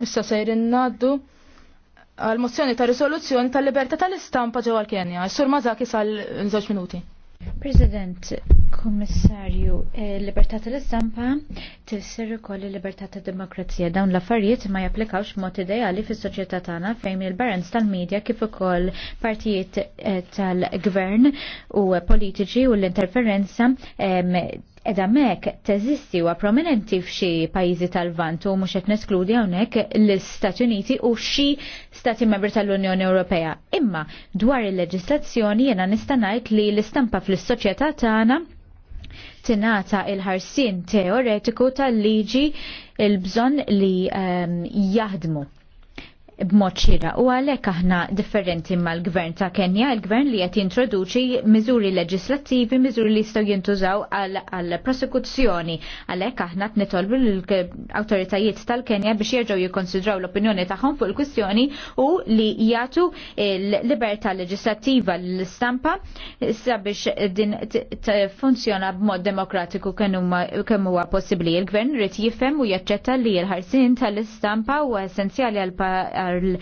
Issa sejrin naddu għal mozzjoni ta' risoluzzjoni tal libertà tal-istampa ġewwa l-Kenja. Sur Mazaki sal żewġ minuti. President, Kommissarju, eh, libertà tal-istampa tifsir ukoll il-libertà tad-demokrazija. Dawn l-affarijiet ma japplikawx mod ideali fis-soċjetà tagħna fejn il-barenz tal-medja kif ukoll partijiet eh, tal-gvern u politiċi u l-interferenza edha mek teżisti wa prominenti f'xi pajjiżi tal-Vant u mhux qed neskludi hawnhekk l-Stati Uniti u xi Stati Membri tal-Unjoni Ewropea. Imma dwar il-leġislazzjoni jiena nista' ngħid li l-istampa fl-soċjetà tagħna tinata il-ħarsin teoretiku tal-liġi il-bżonn li um, jaħdmu b'mod xira u għalhekk aħna differenti mal-gvern ta' Kenja, il-gvern li qed jintroduċi miżuri leġislattivi, miżuri li jistgħu jintużaw għal prosekuzzjoni. Għalhekk aħna qed nitolbu l-awtoritajiet tal-Kenja biex jerġgħu jikkonsidraw l-opinjoni tagħhom fuq il-kwistjoni u li jagħtu l-libertà leġislattiva l-istampa sabiex din funzjona b'mod demokratiku kemm huwa possibbli. Il-gvern rrit jifhem u jaċċetta li l-ħarsien tal-istampa huwa essenzjali għal l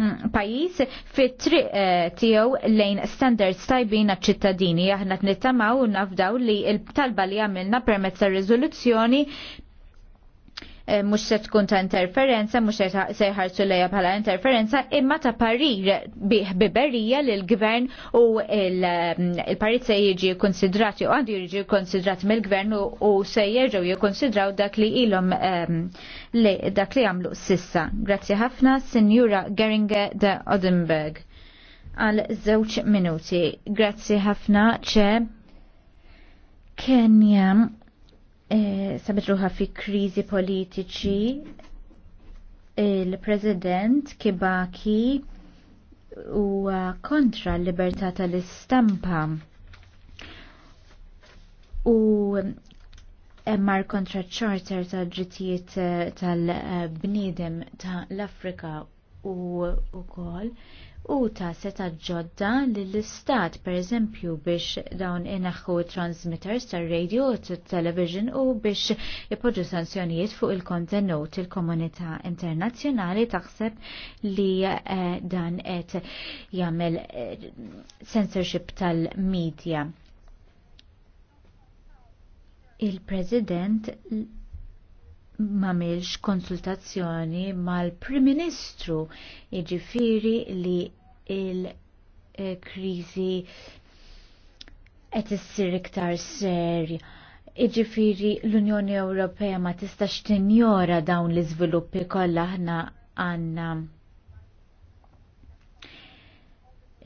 mm, pajis fit triq eh, tiegħu lejn standards tajbin għaċ-ċittadini. Aħna nittamaw nafdaw li l-talba li għamilna permezz tar-riżoluzzjoni Eh, mux se tkun ta' interferenza, mux se jħarsu leja bħala interferenza, imma ta' parir biberija li l-gvern u il-parit se jieġi konsidrati u għandu jieġi konsidrat mill-gvern u se jieġu jikonsidraw dak li ilom ehm, li dak li għamlu sissa. Grazzi ħafna, Signora Geringe de Odenberg. Għal zewċ minuti. Grazzi ħafna, ċe. Kenja e, sabet ruħa fi krizi politiċi il-President Kibaki u kontra l-libertà tal-istampa u emmar kontra ċ-Charter eh, tal ġitijiet eh, tal-bnidem ta' l-Afrika u u kol u ta' seta ġodda l-istat per eżempju biex dawn ineħħu transmitters tar radio u television u biex jipoġġu sanzjonijiet fuq il-kontenut il-komunità internazzjonali taħseb li eh, dan qed jagħmel eh, censorship tal-medja. Il-President mamilx konsultazzjoni mal-Prim Ministru jiġifieri li il-kriżi eh, qed issir iktar serja. Iġifiri l-Unjoni Ewropea ma tistax tinjora dawn l-iżviluppi kollha aħna għandna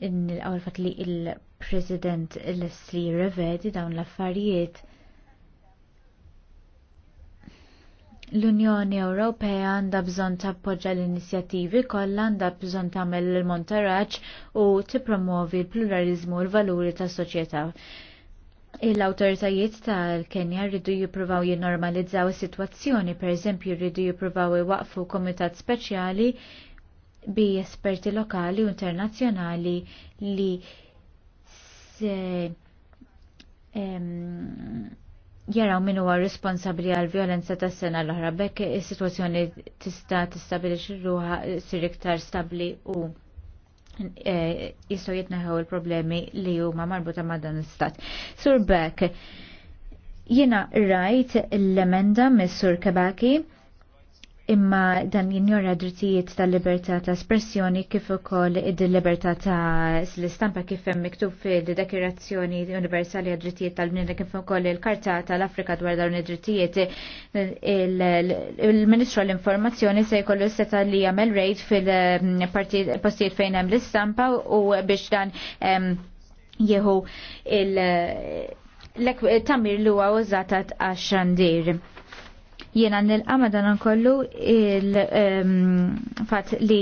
l li il-President Leslie revedi dawn l-affarijiet L-Unjoni Ewropea għandha bżonn tappoġġa l-inizjattivi kollha għandha bżonn tagħmel il-montaraġġ u tippromovi l-pluralizmu u l-valuri tas-soċjetà. Il-autoritajiet tal-Kenja rridu jippruvaw jinnormalizzaw is-sitwazzjoni, pereżempju rridu jippruvaw iwaqfu komitat speċjali bi esperti lokali u internazzjonali li se em, jaraw min huwa responsabbli għal violenza tas sena l-oħra bekk is-sitwazzjoni tista' tistabilix ruha sir iktar stabbli u e, jistgħu jitneħħu l-problemi li huma marbuta ma' dan l-istat. Sur Beck, jiena rajt l-emenda mis-Sur Kebaki imma dan jinjora drittijiet ta' libertà ta' espressjoni kif ukoll id-libertà ta' l-istampa kif hemm miktub fid-Dekirazzjoni Universali għad drittijiet tal-Bnieda kif ukoll il-Karta tal-Afrika dwar dawn id-drittijiet il-Ministru l-Informazzjoni se jkollu seta' li jagħmel rejt fil-postijiet fejn hemm l-istampa u biex dan jieħu il- l-tamir li huwa użatat għax xandir. Jiena nilqa madan kollu il-fat ehm, li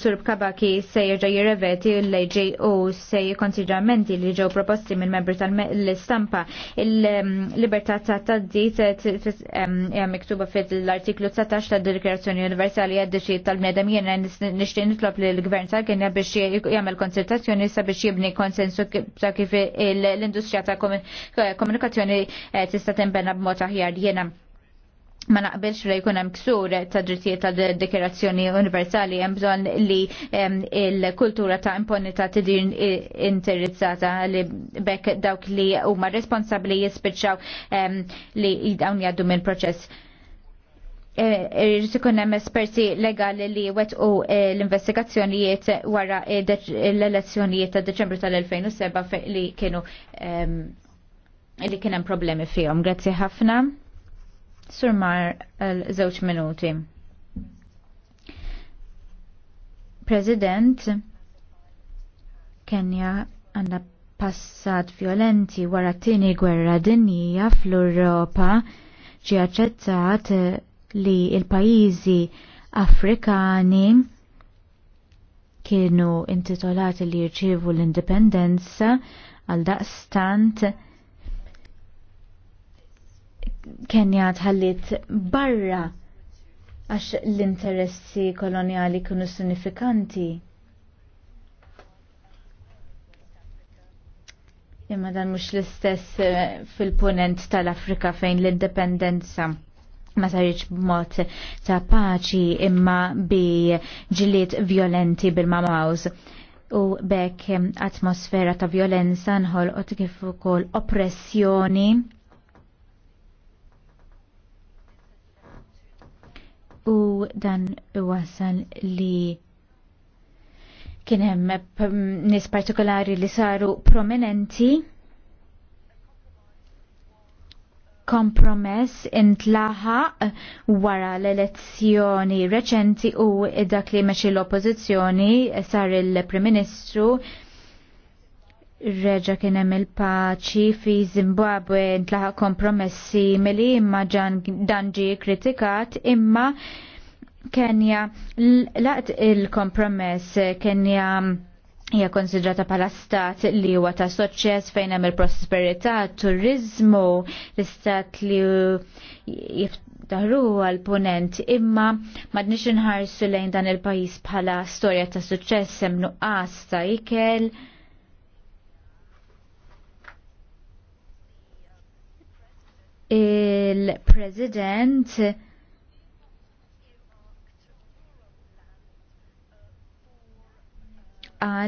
Surb Kabaki se jirġa jirreveti l-leġi u se jikonsidramenti li ġew proposti mill membri tal-istampa. Il-libertà ta' taddit ehm, miktuba fit l-artiklu 19 ta' Dikrazzjoni Universali għaddeċi tal medem jiena nishtin nitlob li l-gvern tal Kenja biex jagħmel konsultazzjoni sabiex jibni konsensu ta' kif l-industrija ta' komunikazzjoni eh, tista' tinbena b'mod aħjar jiena ma naqbilx li jkun hemm ksur ta' drittijiet ta' dikjerazzjoni universali hemm bżonn li il-kultura ta' imponita tidir interizzata li bekk dawk li huma responsabbli jispiċċaw li dawn jgħaddu mill proċess e, Irrid ikun hemm esperti legali li wetqu e, l-investigazzjonijiet wara e, l-elezzjonijiet ta' Deċembru tal-2007 li kienu li kien hemm problemi fihom. Grazzi ħafna surmar l-żewġ minuti. President, Kenja għandha passat violenti wara t-tieni gwerra dinjija fl-Europa ġi aċċettat eh, li il-pajjiżi Afrikani kienu intitolati li jirċievu l-indipendenza għal daqstant Kenja tħallit barra għax l-interessi koloniali kunu sinifikanti. Imma dan mhux l-istess eh, fil-punent tal-Afrika fejn l-indipendenza ma sarriċ b'mod ta' paċi imma bi ġiliet violenti bil-mamaws u bekk eh, atmosfera ta' violenza nħolqot kif ukoll oppressjoni u dan wasal li kien hemm nies partikolari li saru prominenti kompromess intlaħa wara l-elezzjoni reċenti u dak li meċi l-oppozizjoni sar il-Prim Ministru reġa kien hemm il-paċi fi Zimbabwe ntlaħa kompromessi mili imma dan ġie kritikat imma Kenja laqt il-kompromess Kenja hija konsidrata bħala stat li huwa ta' soċċess fejn hemm il-prosperità, turizmu, l-istat li jiftaħru għal punent imma madniex inħarsu lejn dan il-pajjiż bħala storja ta' suċċess hemm nuqqas ta' ikel il-President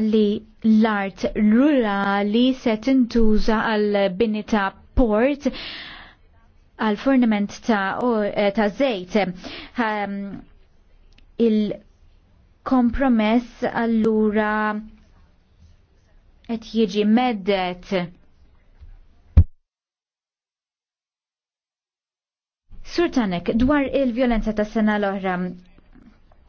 li l-art rurali se tintuża għal bini ta' port għal forniment ta', eh, ta zejt. Ehm, il-kompromess allura qed jiġi meddet Surtanek, dwar il-violenza tas sena l-oħra,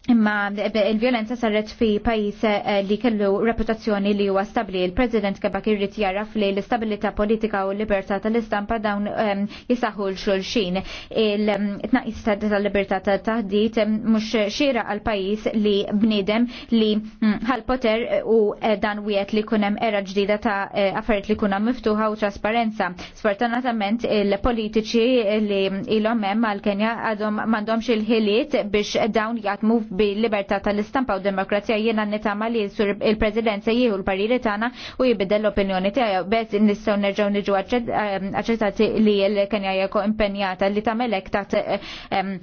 Imma eh, il-violenza sarret fi pajis eh, li kellu reputazzjoni li huwa stabli. Il-President Kebak irrid jaraf li l-istabilità politika u l-libertà tal-istampa dawn ehm, jisaħu l-xulxin. Il-tnaqis ehm, tal-libertà tal tahdit mux ehm, xira għal pajis li bnidem li għal-poter hm, eh, u dan wiet li kunem era ġdida ta' affarijiet li kunem miftuħa u trasparenza. Sfortunatament il-politiċi li il-omem għal-Kenja għadhom mandomx il-ħiliet biex dawn jgħatmu bil-libertà tal-istampa u demokrazija jiena nitama li il prezidenza jieħu l-pariri tagħna u jibidel l-opinjoni tiegħu bez nistgħu nerġgħu niġu ehm, aċċettati li l-Kenja jako impenjata li tagħmel taħt ehm,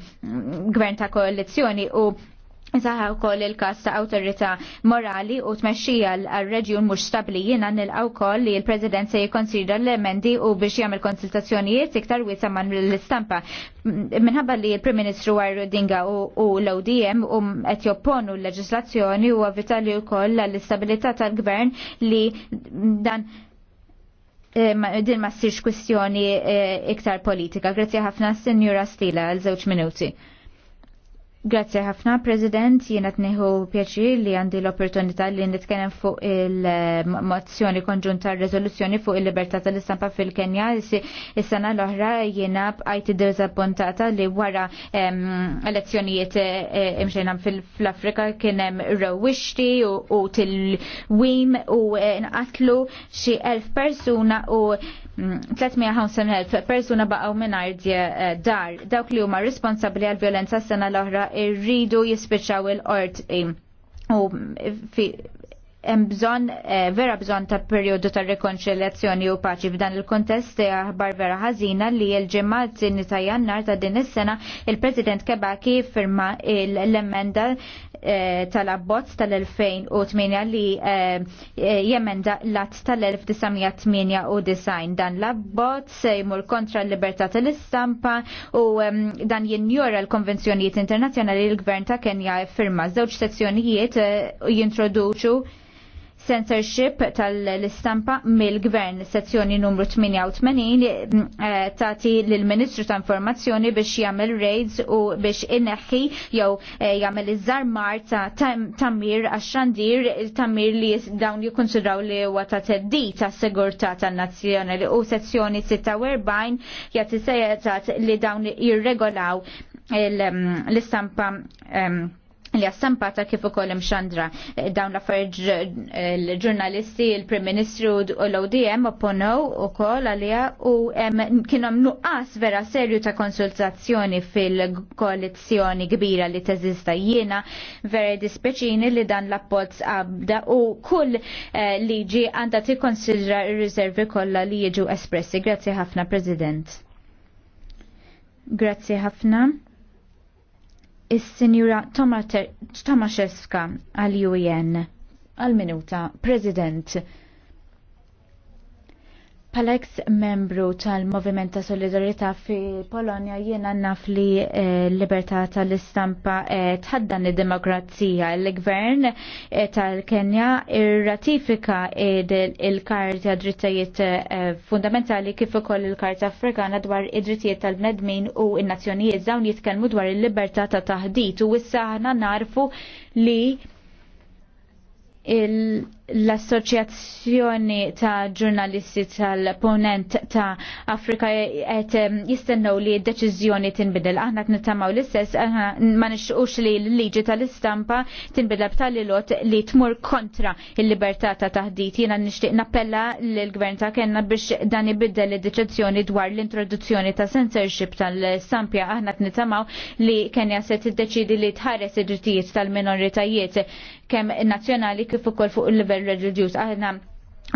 gvern ta' koalizzjoni u u koll il-kas ta' autorita morali u tmexxija l reġjun mux stabli jina nil-għaw koll li l-President se jikonsidra l-emendi u biex jagħmel konsultazzjonijiet iktar wiesa man l-istampa. Minħabba li l-Prim Ministru Għarru Dinga u l-ODM u qed jopponu l-leġislazzjoni u u wkoll l-istabilità tal-gvern li dan eh, din ma ssirx kwistjoni eh, iktar politika. Grazzi ħafna, Sinjura Stila, għal żewġ minuti. Grazie ħafna, President. Jiena tnieħu pjaċir li għandi l-opportunità li nitkellem fuq il-mozzjoni konġunta r-rezoluzzjoni fuq il-libertà tal-istampa fil-Kenja. Is-sena l-oħra jiena bqajt iddiżappuntata li wara elezzjonijiet e, e, imxejna fl-Afrika kien hemm rewwixti u til-wim u e, nqatlu xi elf persuna u 350.000 mm, persuna baqgħu mingħajr dar. Dawk li huma responsabbli għal violenza s-sena l-oħra irridu jispiċċaw il-qorti u hemm bżonn eh, vera bżonn ta' perjodu ta' rekonċiljazzjoni u paċi f'dan il-kontest eh, aħbar vera ħażina li l-ġimgħa t-tieni ta' Jannar ta' din is-sena il-President Kebaki firma l-emenda eh, tal-abbozz tal-2008 li jemenda l-att tal-1998 dan l-abbozz jmur kontra l-libertà tal-istampa u dan jinjora l-konvenzjonijiet internazzjonali li l-gvern ta' Kenja firma żewġ sezzjonijiet jintroduċu censorship tal-istampa mill-gvern sezzjoni numru 88 eh, tati l-Ministru ta' Informazzjoni biex jagħmel raids u biex inneħħi jew eh, jagħmel iż-żarmar ta' tamir għax-xandir il-tamir li dawn jikkonsidraw li huwa ta' teddi ta' sigurtà tan-nazzjonali u sezzjoni 46 jagħti sejjetat li dawn jirregolaw mm, l-istampa mm, li għassampata kif ukoll x'andra eh, dawn l-affarijiet eh, l-ġurnalisti, il-Prim Ministru u l-ODM u kol għalija u kienhom nuqqas vera serju ta' konsultazzjoni fil-koalizzjoni kbira li teżista jiena vera dispeċini li dan l appoz qabda u kull eh, liġi għandha konsidra r-riservi kollha li jiġu espressi. Grazzi ħafna, President. Grazzi ħafna is-Sinjura Tomaszewska għal-UN għal-minuta President Palex membru tal-Moviment ta' Solidarità fi Polonja jiena naf li eh, libertà tal-istampa eh, tħaddan id-demokrazija. L-gvern eh, tal-Kenja irratifika il-karta drittajiet eh, fundamentali kif ukoll il-karta afrikana dwar id-drittijiet tal-bnedmin u n-nazzjonijiet dawn jitkellmu dwar il-libertà ta' taħdit u issa ħana narfu li l-Assoċjazzjoni ta' ġurnalisti tal-ponent ta' Afrika qed jistennew li d-deċiżjoni tinbidel. Aħna t nittamaw l-istess, ma nixqux li l-liġi tal-istampa tinbidel b'tali lot li tmur kontra il-libertà ta' taħdit. Jiena nixtieq nappella lill-Gvern ta' kenna biex dan ibiddel id deċizjoni dwar l-introduzzjoni ta' censorship tal-stampja. Aħna t nittamaw li Kenja se t-deċidi li tħares id-drittijiet tal-minoritajiet kemm nazzjonali kif ukoll fuq il-livell reġudjus. Aħna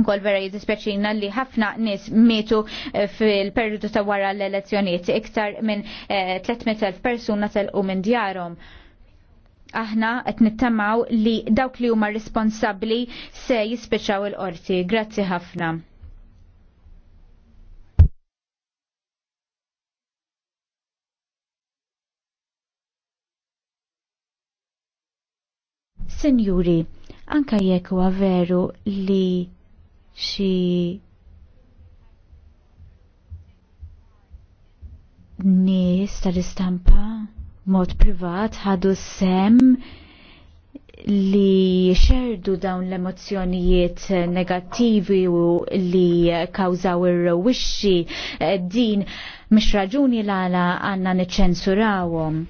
kol vera jizispeċina li ħafna nis mietu eh, fil-periodu ta' wara l-elezzjoniet iktar minn 300.000 eh, persuna telqu minn djarhom. Aħna qed nittamaw li dawk li huma responsabbli se jispeċaw il-qorti. Grazzi ħafna. Senjuri, anka jekk huwa veru li xi nies tal-istampa mod privat ħadu sem li xerdu dawn l-emozjonijiet negattivi u li kawżaw ir rewixxi eh, din mhix raġuni l-għala għandna niċċensurawhom.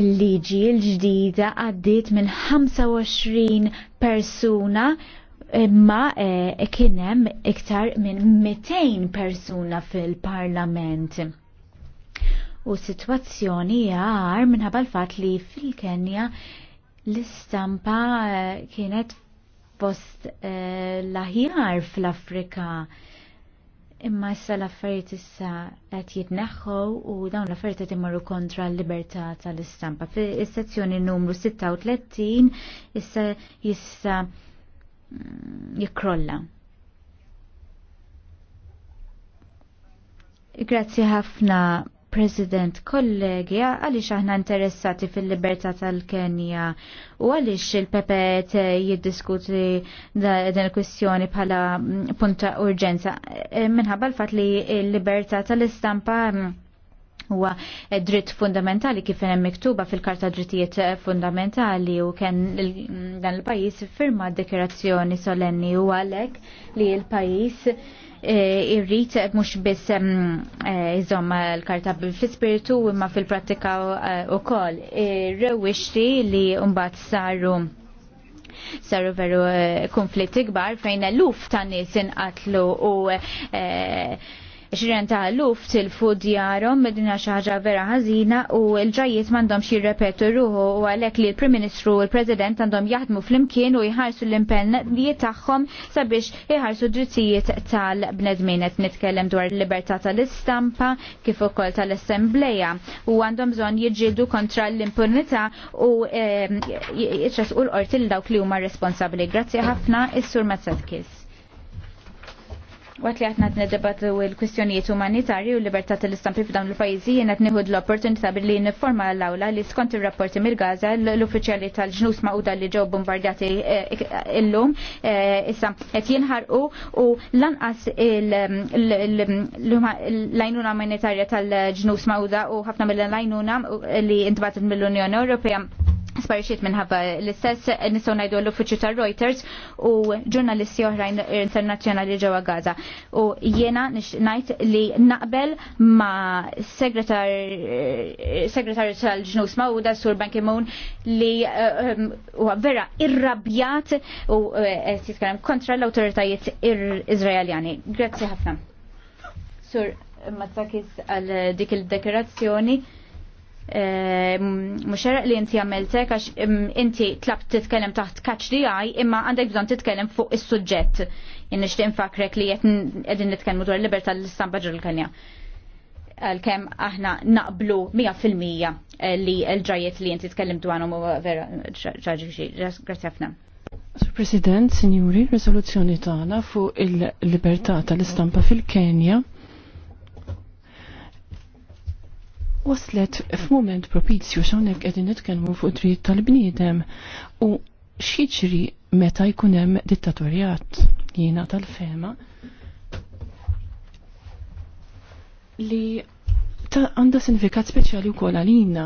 Il-liġi l-ġdida għaddit minn 25 persuna imma eh, kienem iktar minn 200 persuna fil-parlament. U situazzjoni għar minħabba l-fat li fil-Kenja l-istampa eh, kienet fost eh, laħjar fl-Afrika. Imma issa l-affarijiet issa qed jitneħħu u dawn l-affarijiet qed imorru kontra l-libertà tal-istampa. Fis-sezzjoni numru 36 issa issa mm, jikkrolla. Grazzi ħafna President kollegi, għaliex aħna interessati fil-libertà tal-Kenja u għaliex il-PPET jiddiskuti din il-kwistjoni bħala mm, punta urġenza eh, minħabba l-fat li l-libertà tal-istampa mm, huwa dritt fundamentali kif hemm miktuba fil-Karta Drittijiet Fundamentali u kien dan il-pajjiż firma d solenni u għalhekk li l-pajjiż eh, irrit mhux biss mm, eh, iżomm l-karta fl-ispiritu imma fil-prattika wkoll. Eh, Rewixti li mbagħad saru saru veru konflitti kbar fejn eluf tan nies inqatlu u 20 ta' luf tilfu djarhom medina xi ħaġa vera ħażina u l mandom m'għandhomx jirrepetu ruħu u għalhekk li l-Prim Ministru u l-President għandhom jaħdmu flimkien u jħarsu l-impennijiet tagħhom sabiex iħarsu drittijiet tal-bnedmin qed nitkellem dwar il-libertà tal-istampa kif ukoll tal-assembleja u għandhom bżonn jiġġieldu kontra l-impunità u eh, jiċċasqu l-qorti l dawk li huma responsabbli. Grazzi ħafna, is-Sur Mazzadkis. Għat li għatna t-nedebattu il-kwistjonijiet umanitarju u l-libertà tal-istampi f'dawn il-pajjiżi jenna t nihud l-opportunità billi n-forma l-awla li skont ir-rapporti mill-Gaza l-uffiċjali tal-ġnus maquda li ġew bombardjati eh, illum eh, issa qed jinħarqu u lanqas l-għajnuna umanitarja tal-ġnus maquda u ħafna mill-għajnuna li intbatet mill-Unjoni Ewropea sparixit minħabba l-istess nistgħu najdu l-uffiċu ta' Reuters u ġurnalisti oħrajn internazzjonali ġewwa Gaza. U jiena ngħid li naqbel ma' segretar tal-ġnus Mawda Sur Ban Ki-moon li eh, um, huwa vera irrabjat u eh, jitkellem kontra l-awtoritajiet Izraeljani. Grazzi ħafna. Sur Mazzakis għal dik il-dekorazzjoni muxeraq ehm, li inti għamiltek għax inti tlab titkellem taħt kaċ di għaj imma għandek bżon titkellem fuq is-suġġett. Jinn nixtieq infakrek li qed qegħdin nitkellmu dwar libertà l-istampa għal Għalkemm aħna naqblu 100% eh, li l-ġajiet li inti tkellem dwarhom vera ġaġi Grazzi ħafna. Sur President, Sinjuri, risoluzzjoni tagħna fuq il-libertà tal-istampa fil-Kenja waslet f'mument propizju xawnek edin nitkellmu fuq dritt tal-bniedem u xieċri meta jkun hemm dittatorjat jiena tal-fema li għanda sinifikat speċjali u kol għalina.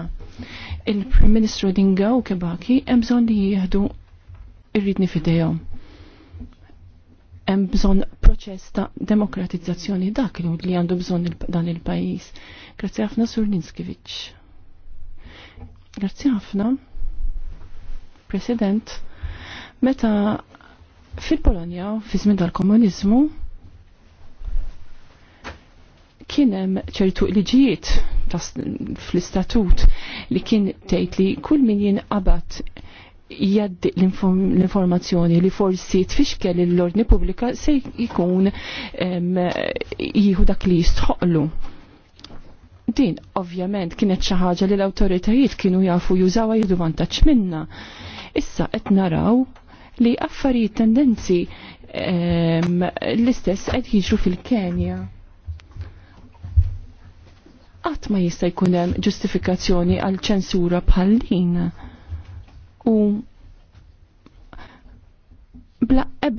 Il-Prim Ministru u Kebaki hemm bżonn li jieħdu irridni fidejhom hemm bżonn proċess ta' demokratizzazzjoni dak li għandu bżonn dan il-pajjiż. Grazzi ħafna Sur Ninskiewicz. Grazzi ħafna. President, meta fil-Polonja, fi żmien tal-komuniżmu, kien hemm ċertu liġijiet fl-istatut li kien tgħid li kull min jinqabad jaddi l-informazzjoni li forsi tfixkel l-ordni pubblika se jkun jieħu dak li jistħoqlu. Din ovvjament kienet xi ħaġa li l-awtoritajiet kienu jafu jużawa jidu vantaċ minna. Issa qed naraw li affarijiet tendenzi l-istess qed jiġru fil-Kenja qatt ma jista' jkun hemm ġustifikazzjoni għal ċensura bħal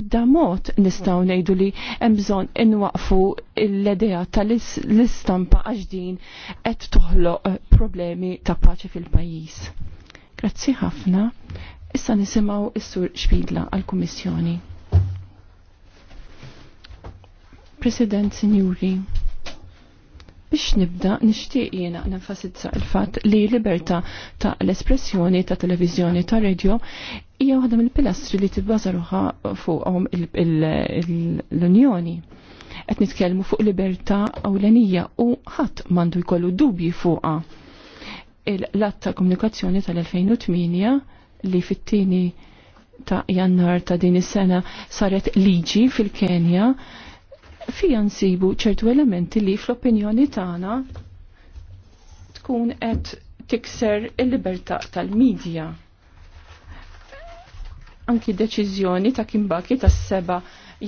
bidda mod nistaw nejdu li emżon inwaqfu l-idea tal-istampa għax din qed toħloq eh, problemi ta' paċi fil-pajjiż. Grazzi ħafna. Issa nisimaw is-sur Xpidla għal-Kummissjoni. President Signuri, biex nibda nishtiq jiena nenfasizza il-fatt li libertà ta' l-espressjoni ta' televizjoni ta' radio hija waħda mill-pilastri li tibbaża ruħha fuqhom l-Unjoni. Qed nitkellmu fuq libertà ewlenija u ħadd m'għandu jkollu dubji fuqha. l att ta' komunikazzjoni tal-2008 li fit-tieni ta' jannar ta' din is-sena saret liġi fil-Kenja fija nsibu ċertu elementi li fl-opinjoni tagħna tkun qed tikser il-libertà tal-medja anki deċiżjoni ta' kimbaki ta' seba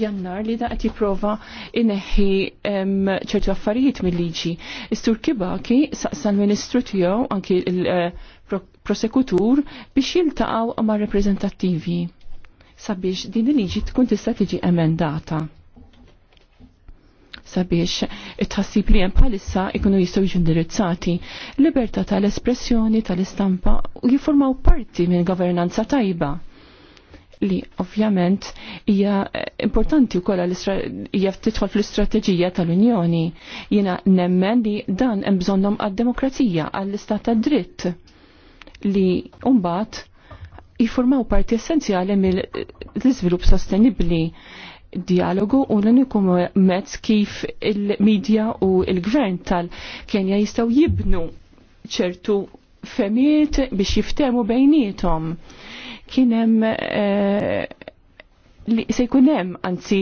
jannar li da' jipprova ineħħi ċertu affarijiet mill-liġi. Istur kibaki saqsa ministru tiegħu anki il-prosekutur eh, biex jiltaqgħu ma' reprezentativi sabiex din il-liġi tkun tista' tiġi emendata sabiex it-ħassib li hemm bħalissa ikunu jistgħu jiġu indirizzati. Libertà tal-espressjoni tal-istampa u jiformaw parti minn governanza tajba li ovvjament hija eh, importanti wkoll hija tidħol fl-istrateġija tal-Unjoni. Jiena nemmen li dan hemm bżonnhom għad-demokrazija għall-istat ta' dritt li mbagħad jiformaw parti essenzjali mill-iżvilupp sostenibbli dialogu u l-unikum mezz kif il-medja u il-gvern tal-Kenja jistaw jibnu ċertu femiet biex jiftemu bejnietom kienem eh, li se jkunem anzi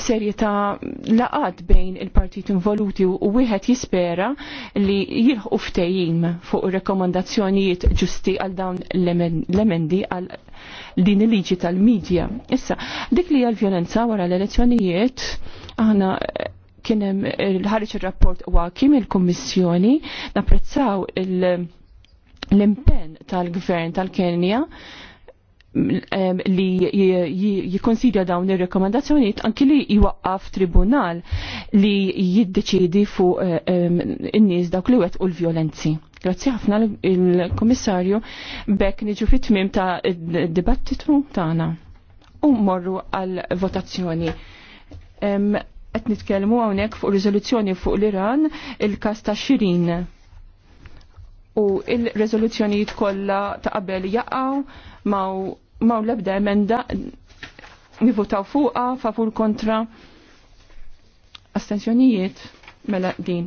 serjeta laqad bejn il-partit involuti u wieħed jispera li jilħu ftejim fuq rekomandazzjonijiet ġusti għal dawn l-emendi għal din il-liġi tal-medja. Issa, dik li għal vjolenza wara l-elezzjonijiet aħna eh, kienem il-ħarġ eh, il-rapport kim il-Kommissjoni napprezzaw il- l-impen tal-gvern tal-Kenja li jikonsidja dawn ir-rekomandazzjonijiet anki li jwaqqaf tribunal li jiddeċidi fuq eh, in-nies dawk li wet u l-vjolenzi. Grazzi ħafna il-Komissarju bekk niġu fit-tmim ta' dibattitu tagħna u morru għal votazzjoni. Qed nitkellmu hawnhekk fuq riżoluzzjoni fuq l-Iran il-każ ta' Xirin u il riżoluzzjonijiet kollha ta' qabel jaqgħu ma' maw lebda emenda nivotaw fuqa favur kontra astensjonijiet mela din